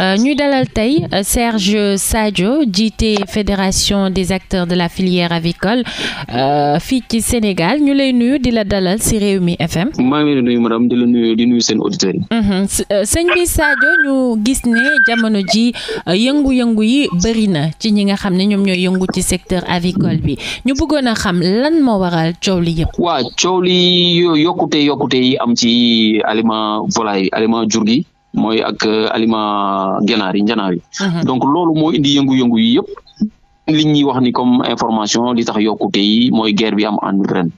Euh, ñuy dalal tey euh, Serge Sadio jiite fédération des acteurs de la filière avicole euh, fii ci Sénégal ñu lay nuyu di la dalal ci mi FM. maa ngi leen di nuyu madame di la nuyu di nuyu seen auditeurs yi. Mhm. sëñ bi ñu gis ne jamono ji yëngu-yëngu yi bëri na ci ñi nga xam ne ñoom ñooy yëngu ci secteur avicole bi ñu bëggoon a xam lan moo waral coow li yëpp. waa coow li yokkute yokkute yi am ci aliment volaille aliment jur gi. mooy ak euh, aliment ganaar yi njanaaw yi mhm. donc loolu moo indi yëngu-yëngu yi yëpp li ñuy wax ni comme information li tax yokkute yi mooy guerre bi am an Ukraine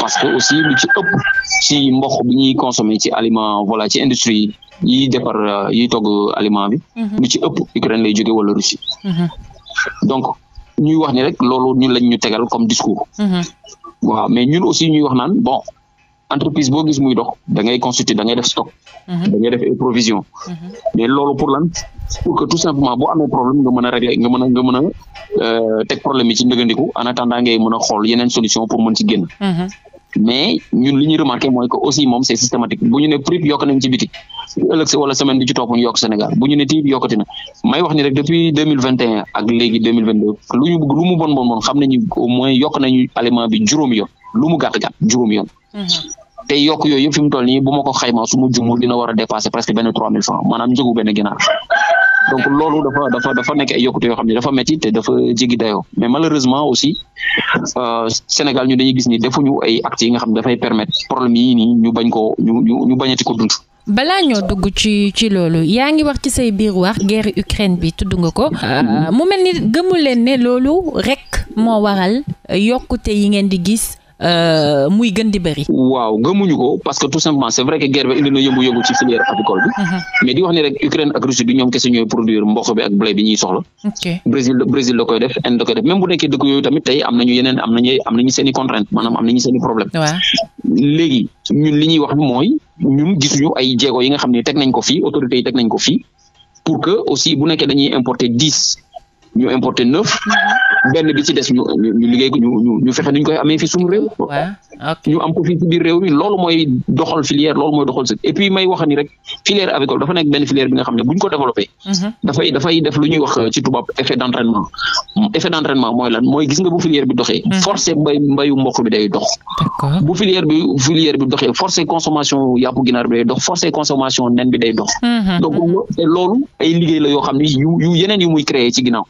parce que aussi lu ci ëpp si mboq bi ñuy consommer ci aliment voilà ci industrie yi defar euh, yiy togg aliment bi mhm. lu ci ëpp Ukraine lay jóge wala Russie mhm. donc ñuy wax ni rek loolu ñun lañ ñu tegal comme discours waaw mais ñun aussi ñuy wax naan bon entreprise boo gis muy dox da ngay constituer da ngay def stock. Mhm. da ngay def provision. Mhm. mais loolu pour lan pour que tout simplement boo amee problème nga mën a régler nga mën a nga mën a euh, teg problème yi ci ndëgëndiku en attendant ngay mën xool yeneen solution pour mën ci génn. Mhm. mais ñun li ñu remarqué mooy que aussi moom c'est systématique bu ñu ne prix yokk nañ ci biti wala semaine bi ci topp yokk Sénégal bu ñu ne tiib yokkati na may wax ni rek depuis deux mille vingt et bi juróomi yoon lu mu gàtt gàtt juróomi te yokk yooyu yëpp fi mu toll nii bu ma ko xaymaa su ma dina war a presque benn trois mille francs maanaam njëgu benn ginaar donc loolu dafa dafa nekk ay yokkute yoo xam ne euh, yi nga xam ne dafay permettre problème yii nii ñu bañ koo ñu ñu ñu bañati ko dund. balaa ñoo dugg ci ci loolu yaa ngi wax ci say biir wax guerre Ukraine bi tudd nga ko mm-hmm. mu mel ni gëmu leen ne loolu rek moo waral yokkute yi ngeen di gis. Euh, muy gën di bëri. waaw gëmuñu ko parce que tout simplement c'est vrai que guerre bi indi na yëngu-yëngu ci filière agricole bi. Uh-huh. mais di wax ni rek Ukraine ak Russie du ñoom kese ñooy produire mboq bi ak blé bi ñuy soxla. Brésil Brésil da koy def Inde da koy def même bu nekkee dëkk yooyu tamit tey am nañu yeneen am nañu am nañu seen maanaam am nañu seen i problème. léegi ñun li ñuy wax mooy ñun gisuñu ay jéego yi nga xam ne teg nañ ko fii autorités yi teg nañ ko fii pour que aussi bu nekkee dañuy importer dix ñu importer benn bi ci des ñu ñu liggéey ko ñu ñu fexe ñu koy amee fi réew. ñu am ko fii ci réew loolu mooy doxal filière loolu mooy doxal sëkk et puis may wax rek filière avicole dafa nekk benn filière bi nga xam ne mhm. gis nga bu filière bi doxee. Mhm. forcé mbay yàpp ginaar bi day dox mhm. loolu ay liggéey la xam ne yu yeneen yu muy créé ci ginnaaw.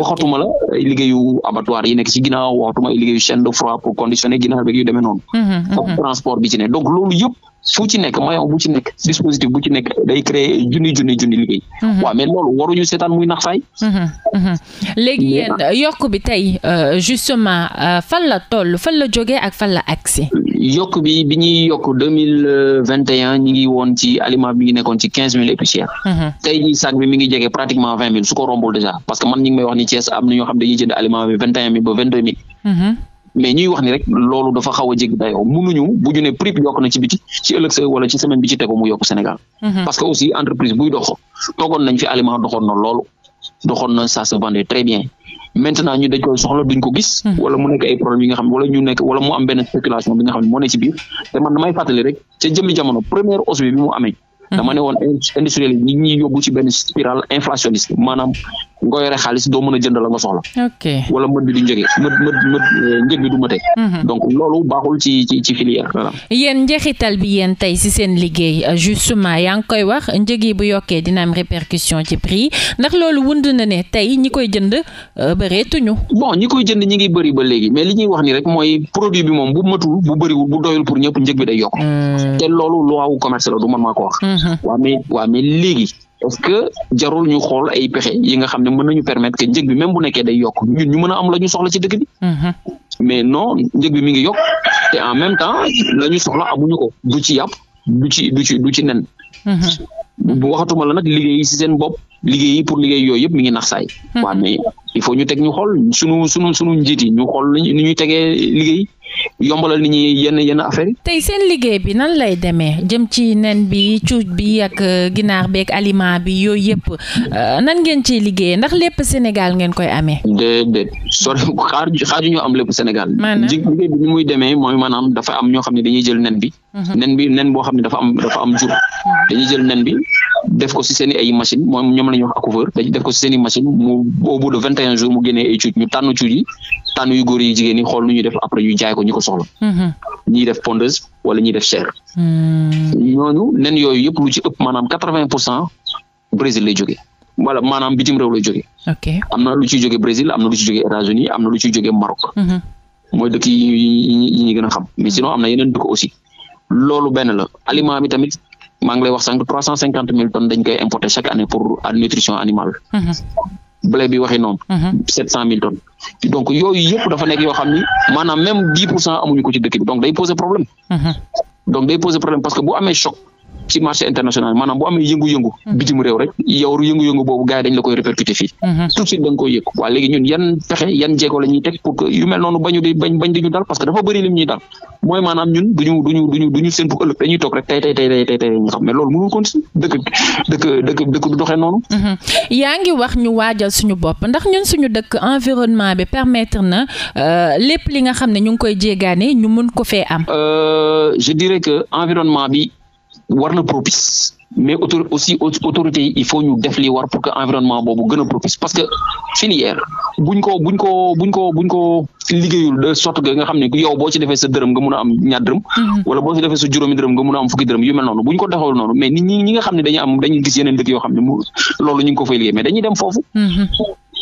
waxatuma la liggéeyu abattoir yi nekk ci ginnaaw waxatuma liggéeyu chaîne de froid pour conditionner ginnaar beeg yu mhm, mhm. transport bi ci donc loolu yëpp. su ci nekk moyen bu ci nekk dispositif bu ci nekk day créer junni junni junni liggéey. Mhm. waaw mais loolu waruñu seetaan muy nax saay. Mhm, mhm. yokk bi tey euh, justement euh, fan la toll fan la jógee ak fan la agsi. yokk bi bi ñuy yokk deux ngi woon ci aliment bi ngi nekkoon ci quinze mille et tey jii sac bi mi ngi jege pratiquement vingt mille su ko rombul déjà parce que man ñu ngi may wax ni Thiès am na ñoo xam dañuy jënd aliment bi vingt et mille ba mais ñuy wax ni rek loolu dafa xaw a jéggi dayoo mënuñu bu ñu ne prix bi yokk na ci biti ci ëllëg sa wala ci semaine bi ci tegu mu yokk Sénégal. Mhm. parce que aussi entreprise buy dox toogoon nañ fi aliment doxoon na loolu doxoon na ça se vendait très bien. ñu dañ soxla duñ ko gis. Mhm. wala mu nekk ay problème wala ñu nekk wala mu am benn spéculation bi nga xam ne moo ne ci biir te man damay fàttali rek ca jëmmi jamono première hausse bi mu amee. Mhm. dama ne woon industriel yi ñi ñuy ci benn spirale inflationniste nga yore xaalis doo mën a jënd la nga soxla. wala mën bi du njëge mën mën mën eh, bi du mate. Mhm. donc loolu baaxul ci ci yéen tey si seen liggéey euh, justement yaa ngi koy wax njëg yi bu yokkee dina am répercussion ci prix ndax loolu wund na ne tey ñi koy jënd euh, bëreetuñu. bon ñi koy jënd ñi ngi bëri ba léegi mais li ñuy wax ni rek mooy produit bi moom bu matul bu bëriwul bu doyul pour ñëpp njëg bi day yokk. Hmm. te loolu lu waaw commerce du man maa ko wax. Mhm. waa mais léegi est-ce que jarul ñu xool ay pexe yi nga xam ne mën nañu permettre que njëg bi même bu nekkee day yokk ñun ñu mën a am la ñu soxla ci dëkk bi. Mhm. mais non njëg bi mi ngi yokk te en même temps la ñu soxla amuñu ko du ci yàpp ci du ci du ci nen. Mhm. bu waxatuma la nag liggéey si seen bopp liggéey pour liggéey yooyu yëpp mi ngi nax saay. Mhm. waaw mais il faut ñu teg ñu xool sunu sunu sunu ñu xool ni ñuy tegee liggéey. yombalal nit ñi yenn yenn affaire tey seen liggéey bi nan lay demee jëm ci nen bi cuuj bi ak euh, ginaar beeg aliment bi yooyu yëpp euh, nan ngeen ciy liggéeyee ndax lépp Sénégal ngeen koy amee. de sori xaar xaaju ñoo am lépp Sénégal. maanaam liggéey bi ni demee mooy maanaam dafa am ñoo xam ne dañuy jël nen bi. Mhm. nen bi nen boo xam ne dafa am dafa am jur. Mhm. dañuy jël nen bi def ko si seen i ay machine moom ñoom la ñuy wax accouveur dañuy def ko si seen i machine mu au de vingt et un jours mu génnee ñu tànn cuuj yi tànn yu góor ko ñu ko soxla. Mm-hmm. ñiy def pondeuse wala ñiy chair. Mm-hmm. ñooñu nen yooyu yëpp lu ci ëpp maanaam quatre vingt pour cent Brésil lay jógee wala maanaam bitim réew lay jógee. ok am na lu ciy jógee Brésil am na lu ciy jógee États-Unis am na lu ciy jógee Maroc. Mm-hmm. mooy dëkk yi ñuy gën a xam mais sinon am na yeneen dëkk aussi loolu benn la aliment bi tamit. maa ngi lay wax sànq trois cent cinquante mille tonnes dañ koy importer chaque année pour nutrition animale. blé bi waxee noonu. Mhm. sept cent mille tonnes. donc yooyu yëpp dafa nekk yoo xam ni maanaam même dix pour cent amuñu ko ci dëkk donc day poser problème. Mhm. donc day poser problème parce que bu amee choc. ci marché international maanaam bu amee yëngu-yëngu mhm. bitim réew rek yow yëngu-yëngu boobu gars yi la koy répercuté mhm. tout de suite da nga koy yëg waa léegi ñun yan pexe yan jéego la ñuy di bañ tey tey tey ñu xam mais loolu mënul continuer dëkk dëkk dëkk noonu mhm. yaa ngi wax ñu waajal suñu bopp ndax ñun suñu dëkk environnement bi permettre na euh, lépp li nga xam ne ñu koy jéegaane ñu mën ko fee am euh, je dirais que environnement bi war propice mais autorité il faut ñu def li war pour que environnement boobu gën a propice parce que filière buñ ko buñ ko buñ ko buñ ko liggéeyul de sorte que nga xam ne yow boo ci defee sa dërëm nga mun a am ñaar dërëm mm-hmm. wala boo ci defee sa juróomi dërëm nga mun a am fukki dërëm yu mel noonu buñ ko doxal noonu dëkk yoo xam ne mu loolu ñu ko fay liggéey mais dem foofu mm-hmm.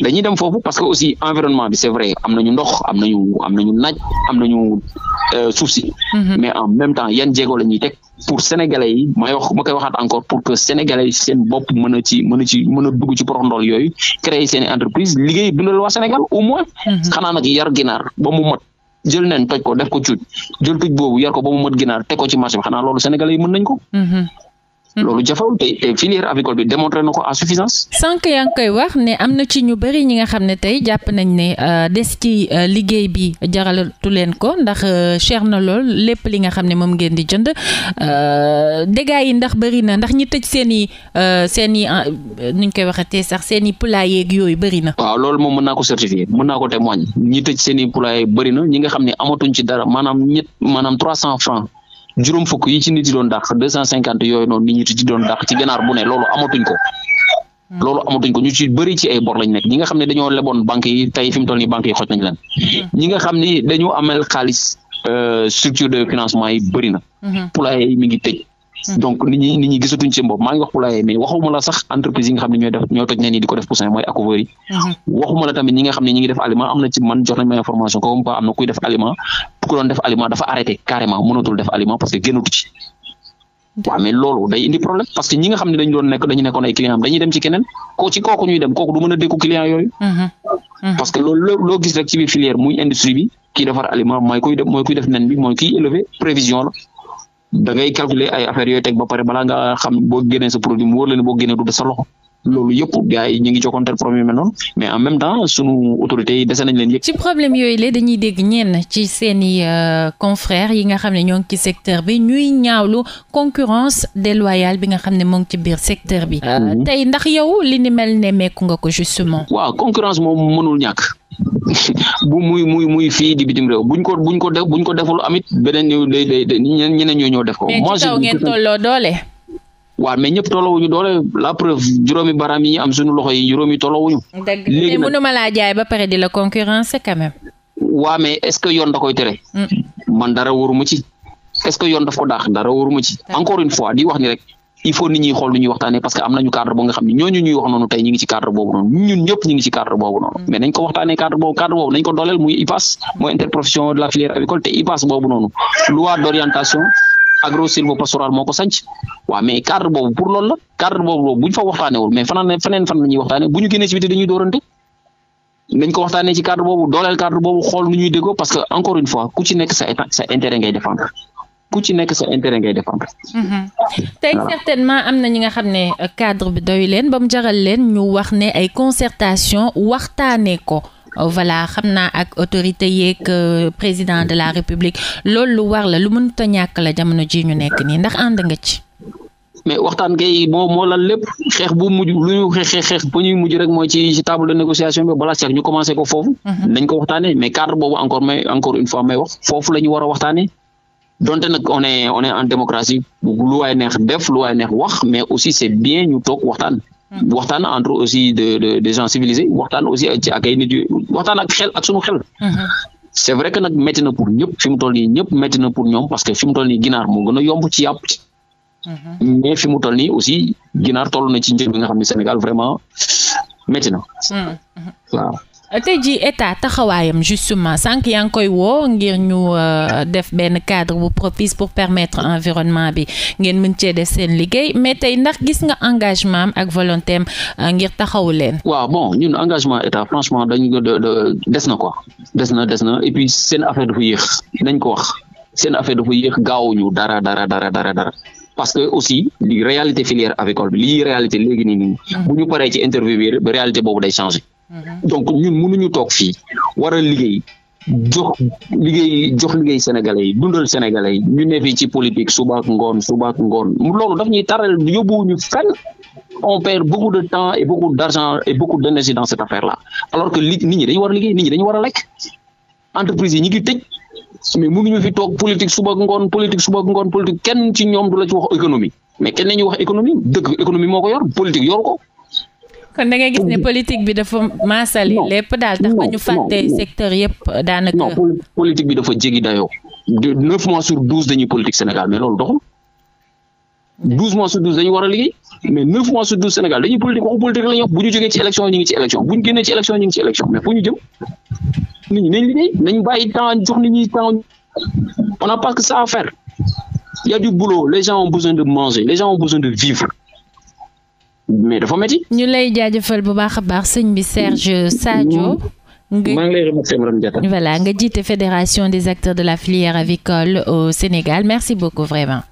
dañuy dem foofu parce que aussi environnement bi c'est vrai am nañu ndox am nañu am naaj am nañu euh, suuf si mm-hmm. mais pour sénégalais yi may wax ma koy waxaat encore pour que sénégalais yi seen bopp mën a ci mën a ci mën a dugg ci porondool yooyu créer seen i entreprise liggéey dundal waa Sénégal au moins mhm. xanaa nag yar ginaar ba mu mat jël nen toj ko def ko cuuj jël tuj boobu yar ko ba mu mat ginaar teg ko ci marché bi xanaa loolu sénégalais yi mën nañ ko mhm. loolu mhm. jafewul te filière avicole bi démontré na ko à suffisance. sànq yaa ngi koy wax ne am na ci ñu bëri ñi nga xam ne tey jàpp nañ ne euh, des ci euh, liggéey bi jaralatu leen ko ndax euh, cher na lool lépp li nga xam ne moom ngeen di jënd dégâts yi ndax bëri na ndax ñi tëj seen i seen i nuñ koy waxee waxatee sax seen i poulailler yeeg yooyu bëri na. waaw loolu moom mën naa ko certifier mën naa ko témoigner ñi tëj seen i poulailler bëri na ñi nga xam ne amatuñ ci dara maanaam maanaam trois cent francs juróom fukk yi ci nit yi doon dàq deux cent nit ñi doon dàq ci ganaar bu ne loolu amatuñ ko hmm. loolu amatuñ ko ñu ci bëri ci ay bor lañ nekk ñi nga xam ne dañoo leboon banques yi tey fi mu toll nii banques yi xoj nañ leen hmm. ñi nga xam ni dañoo ameel xaalis euh, structure de financement yi bëri na hmm. poulailler yi mi ngi Hmm. donc nit ñi nit ñi gisatuñ ci mbopp maa ngi wax mais waxuma la sax entreprise nga xam ne ñoo toj ne nii ko def poussin mooy Acouveur yi hmm. waxuma la tamit ñi nga def aliment am na def aliment ku doon def def aliment parce que génnatu ci hmm. ne dañu doon nekk dañu client am dañuy dem ci keneen ko ci kooku ñuy dem kooku du mën a client yooyu parce que loolu loo gis rek ci biir filière muy industrie bi kii defar aliment mooy kuy def mooy kuy mooy kiy élevé prévision da ngay calculer ay affaires yooyu ba pare bala nga xam boo génnee sa produit mu wóor la boo génnee du des sa loolu yëpp gars yi ñu ngi jokkonteel problème yu mel noonu mais en même temps sunu autorités yi dese nañ leen yëg. ci problème yooyu la dañuy dégg ñenn ci seeni euh, confrères yi nga xam ne ñoo ngi ci secteur bi ñuy ñaawlu concurrence déloyale bi nga xam ne moo ngi ci biir secteur bi. Ah, tey ndax yow li ni mel ne meeku nga ko justement. waaw concurrence moom mënul ñàkk. bu muy muy fii di bitim réew buñ ko buñ ko def buñ ko deful amit beneen ñëw day day ñoo def ko. mais ci tolloo doole. waaw mais ñëpp tolloowuñu doole la preuve juróomi baram am suñu loxo yi juróomi tolloowuñu. dëgg mais mënuma laa ba pare di la concurrence quand même. est-ce que yoon koy tere. Mm. man dara wóoruma ci. est-ce que yoon daf daax dara wóoruma ci. encore une fois di wax rek il faut nit xool lu ñuy parce que am nañu cadre boo nga xam ne ñuy wax noonu tey cadre boobu noonu noonu. Mm. mais nañ ko waxtaanee cadre boobu cadre boobu nañ ko muy IPAS. mooy interprofession agro silvopastoral moo ko sanc waaw mais cadre boobu pour loolu la cadre boobu bu ñu fa waxtaanewul mais fanaan feneen fan la ñuy waxtaane dañuy dóorante dañ ko waxtaanee ci cadre boobu dooleel cadre boobu xool nu ñuy déggoo parce que encore une fois ku ci nekk sa état ngay défendre ku ci nekk sa intérêt ngay défendre. Mm-hmm. tey certainement am na ñi nga xam ne euh, cadre bi doy ba mu jaral leen ñu wax ne ay concertation waxtaanee ko. Euh, voilà xam na ak autorité yeeg euh, président de la république lool lu war la lu mën ta ñàkk la jamano ji ñu nekk nii ndax ànd nga ci. mais waxtaan kay moo moo lan lépp xeex bu mujj lu ñu xeex xeex bu ñuy mujj rek mooy ci ci table de négociation bi balaa ñu commencé ko foofu. Mhm. nañ ko waxtaanee mais cadre boobu encore may encore une fois may wax foofu la ñu war a waxtaanee donte na on est on est en démocratie lu waay neex def lu waay neex wax mais aussi c'est bien ñu toog waxtaan. waxtaan entre aussi de de des gens waxtaan aussi ci ak ay waxtaan ak xel ak sunu xel. Mhm. c' vrai que nag métti na pour ñëpp fi mu toll nii ñëpp métti na pour ñoom parce que fi mu toll nii ginaar yomb ci yàpp. Mhm. mais fi mu aussi ginaar toll na ci njëg bi a xam ne Sénégal vraiment métti na mhm. Euh, tey ji état taxawaayam justement sànq yaa ngi koy woo ngir ñu euh, def benn cadre bu propice pour permettre environnement bi ngeen mën cee def seen liggéey mais tey ndax gis nga engagement ak volonté am euh, ngir taxawu leen. waa bon ñun engagement état franchement dañ des na quoi des na des na et puis seen affaire dafa yéex nañ ko wax seen affaire dafa yéex gaawuñu dara dara dara dara dara. parce que aussi li réalité filière avicole bi lii réalité léegi nii nii mm. bu ci interview bi boobu day changer Mm-hmm. donc ñun ñu toog fii war a liggéey jox liggéey jox liggéey sénégalais yi dundal sénégalais yi ñu ne fii ci politique suba ak ngoon suba ak ngoon loolu daf ñuy taral yóbbuwuñu fenn on perd beaucoup de temps et beaucoup d' argent et beaucoup d' énergie dans cette affaire alors que li ñi dañ war a liggéey nit ñi dañu war a lekk entreprise yi ñu ngi tëj mais ñu fi toog politique suba ak ngoon politique suba ak ngoon politique kenn ci ñoom du la ci wax économie mais kenn nañu wax économie dëkk économie moo ko yor politique yor kon da ngay gis ne politique bi dafa maasali lépp daal tax ba ñu fàtte secteur yëpp daanaka. non politique bi dafa jéggi dayoo. de neuf mois sur douze dañuy politique Sénégal mais loolu doxul. douze mois war a liggéey mais neuf mois sur douze Sénégal dañuy politique waxu politique la ñu wax ci élection ñu ngi ci élection bu ñu génnee ci élection ñu ci élection mais fu ñu jëm nit ñi nañ liggéey nañ bàyyi temps jox ni ñuy temps on n'a pas que ça à faire il a du boulot les gens ont besoin de manger les gens ont mais dafa métti. ñu lay jaajëfal bu baax a baax sëñ bi Serge Sadio. Mm. maa ngi nga jiite fédération des acteurs de la filière avicole au Sénégal merci beaucoup vraiment.